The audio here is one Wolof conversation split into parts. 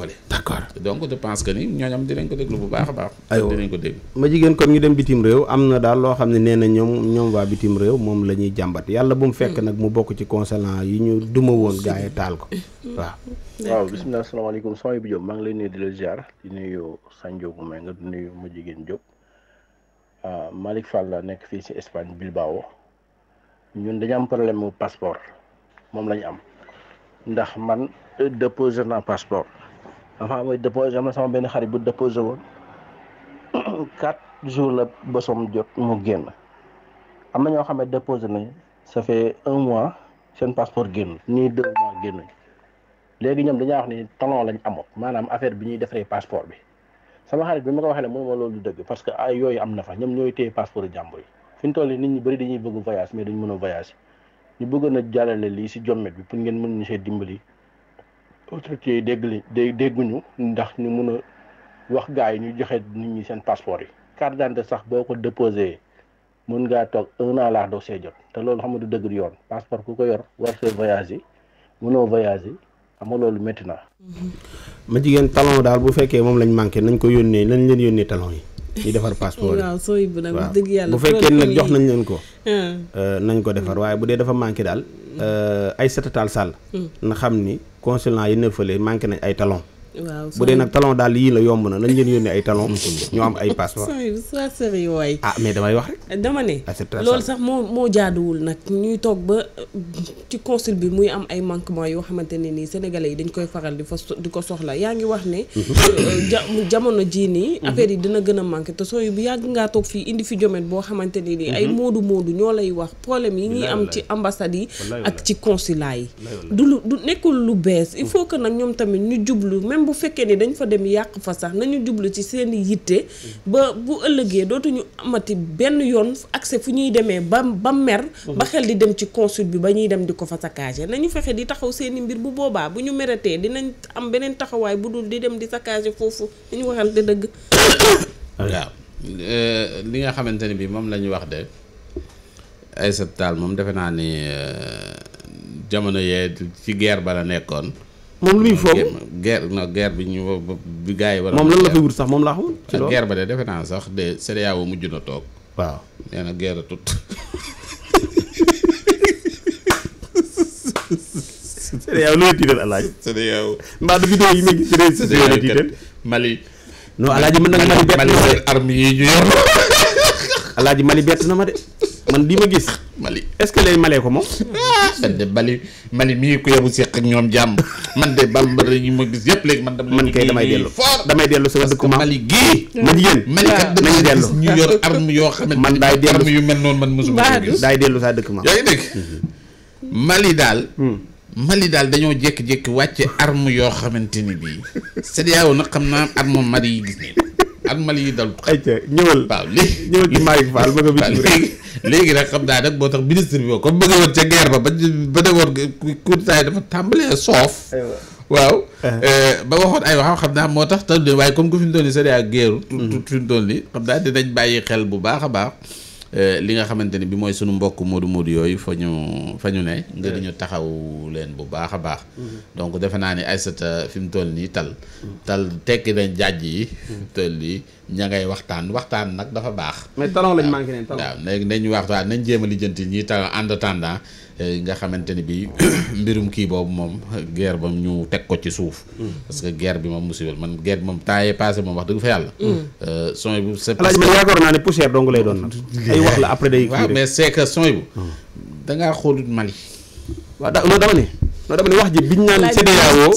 fële. d'accord donc je pense que ni ñooñam dinañ ko déglu bu baax a baax. aywa dinañ ko dégg. ma jigéen comme ñu dem bitim réew am na daal loo xam ne nee na ñoom ñoom waa bitim réew moom la ñuy jàmbat yàlla bu mu fekk hmm. nag mu bokk ci consulat yi ñu duma woon gars yi taal ko waa hmm. waaw bisimilah asalaamaaleykum sëñ bi Diop maa ngi lay nuyu di la ziar di nuyu Sanjo bu may nga di nuyu ma jigéen Diop ah, Malick Fall la nekk fii ci Espagne Bilbao ñun dañu am problème mu passeport moom la ñu am ndax man euh, déposé naa passeport. avant mooy déposé am na sama benn xarit bu déposé woon quatre jour la bosom jot mu génn am na ñoo xam ne déposé nañ ça fait un mois seen passeport génn nii deux mois génn léegi ñoom dañaa wax ni talon lañ amoon maanaam affaire bi ñuy defaree passeport bi sama xarit bi ma ko waxee ne mënu ma loolu dëgg parce que ay yooyu am na fa ñoom ñooy téye passeport jàmbur yi fi ñu toll nit ñi bëri dañuy bëgg voyage mais duñ mën a voyage ñu bëggoon a jàllale lii si jommet bi pour ngeen mën ñu see dimbali autorités yi dégg li dégguñu ndax ñu mun a wax gaa yi ñu joxe nit ñi seen passeport yi carte d'identité sax boo ko déposé mun ngaa toog un an laax doo see jot te loolu xam nga du dëgg du yoon passeport ku ko yor war see voyage yi munoo voyage yi xam nga loolu métti na ma jigéen talon daal bu fekkee moom lañ manqué nañ ko yónnee nañ leen yónnee talon yi ñu defar passeport yi waaw sooy bu nag dëgg nag jox nañ leen ko ah. euh, nañ ko defar waaye bu dee dafa manqué daal ay setataal sàll consulants yi ne fële manqué nañ ay talons waaw bu dee nag talon daal yii la yomb na nañ leen yónnee ay talon ñu am ay passeport waay ah mais damay wax eh, dama ne ah, loolu sax moo moo jaaduwul nag ñuy toog ba eh, ci consul bi muy am ay manquement yoo xamante ne nii sénégalais yi dañ koy faral di fa ko soxla yaa ngi wax ne mm-hmm. jamono jii nii mm-hmm. affaire yi dina gën a manqué te sooy bu yàgg ngaa toog fii indi fi jomeen boo xamante ne nii ay mm-hmm. moodu moodu ñoo lay wax problème yi ñuy am ci ambassade yi ak ci consulat yi du lu du nekkul lu bees il faut que nag ñoom tamit ñu jublu bu fekkee ni dañu fa dem yàq fa sax nañu jublu ci seen yitte ba bu ëllëgee dootuñu amati benn yoon accès fu ñuy demee ba ba mer ba xel di dem ci consul bi ba ñuy dem di ko fa saccagé nañu fexe di taxaw seen i mbir bu boobaa bu ñu meretee dinañ am beneen taxawaay bu dul di dem di saccagé foofu dañu waxal di dëgg waaw euh, li nga xamante ne bi moom la wax de Aïssata Tall moom defe naa ni euh, jamono yee ci guerre ba nekkoon moom lu muy foog guerre non guerre bi ñu bi gars yi war moom lan la fi wut sax moom laa xamul ci loolu ba de defe sax de CEDEAO mujj na toog waaw nee na guerre tut CEDEAO lu la tiital alaaj CEDEAO ma gis réew si la na Mali bett Mali bett na ma de man li ma gis. Mali est-ce que lay malee ko moom. Ah, man de Mali Mali mii ku yebu seq ak ñoom jàmm man de bambara yi ma gis yëpp léegi man. man kay damay dellu damay dellu sama dëkk ma Mali gii. man yéen Mali kat damay dellu ñu yoo xamante man daay dellu arme yu mel noonu man mosuma daay dellu saa dëkk ma. yaa ngi mhm. Mali daal. Hmm. Mali daal dañoo jékki-jékki wàcce arme yoo xamante ni bii CEDEAO nag xam naa arme Mali yi gis nañ ak Mali yi dal. ayca ñëwal waaw léegi ñëwal ci Malick Fall bëgg a bitim réew léegi nag xam naa nag boo tax ministre bi boobu comme bëgg woon ca guerre ba ba ba demoon kurtaay dafa tàmbalee soof. waaw ah. eh, ba waxoon ay waxam xam naa moo tax tëdd waaye comme que fi mu toll nii sëriñ ak guerre. fi mu xam naa dinañ bàyyi xel bu baax a baax. Euh, li nga xamante ni bi mooy sunu mbokk moodu moodu yooyu fa ñu fa ne ngir ñu taxaw leen bu baax a baax mm-hmm. donc defe naa ni Aysata fi mu toll nii tal mm-hmm. tal tekki nañ jàjj yi mm-hmm. fi mu toll nii ña ngay waxtaan waxtaan nag dafa baax mais talon lañ manqué neen talon waaw léegi nañ waxtaan nañ jéem a lijjanti ñi talon en Eh, nga xamante ni bi mbirum kii boobu moom guerre bam ñu teg ko ci suuf mm. parce que guerre bi moom musibal man guerre bi moom temps yee passé moom wax dëgg fa yàlla mm. eh, sony bu c'est parce que yaakaar naa ne poussière dong lay doon nag ay wax la après day waaw mais c'est que bu mm. dangaa xoolut Mali waaw loolu dama ne non dama ne wax ji biñ naan CEDEAO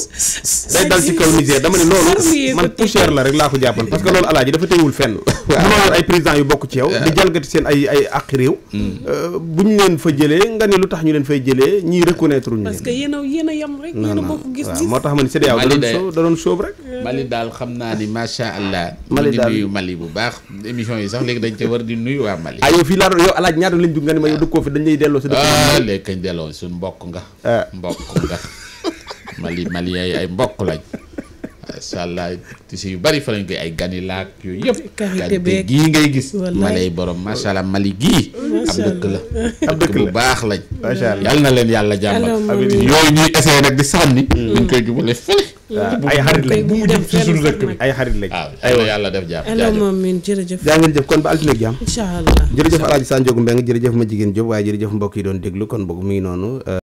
day dal ci kaw dama ne loolu man poussière la rek laa ko jàppan parce que loolu alaaji dafa teewul fenn mënoo président yu bokk ci yow di jalgati seen ay ay àqi réew mm. euh, bu ñu leen fa jëlee nga ne lu tax ñu leen fay jëlee ñiy reconnaître ñu a a yem rek yéen a moo tax ma ne CEDEAO da da doon sóob rek euh, daal xam naa ni macha allah Mali daal nuyu Mali bu baax émission yi sax léegi dañ ca war di nuyu waa Mali ah, fii laa doon yow alaaj ñaata lañ dugg nga ne ma yow ah. dëkkoo fi dañ lay delloo si dëkk ah, léegi kañ delloo suñ mbokk nga mbokk ndax Mali Mali ay mbokk lañ. macha allah tissu yu bari fa lañ koy ay gani laak yooyu yëpp. qualité ngay gis. malay borom macha allah Mali gii. ab dëkk la ab dëkk bu baax lañ. macha na leen yàlla jàmmal. yooyu ñuy essayé nag di sànni. Mm. dañ koy jubale fële. ay xarit lañ bu mu jëm ci suñu dëkk bi ay xarit lañ. waaw aywa yàlla def jàmm jaajëf moom min jërëjëf. jaa kon ba altine jàmm. incha allah jërëjëf El Hadj Sanjogu Mbeng jërëjëf ma jigéen Diop waaye jërëjëf mbokk yi doon déglu kon boog mi ngi noonu euh,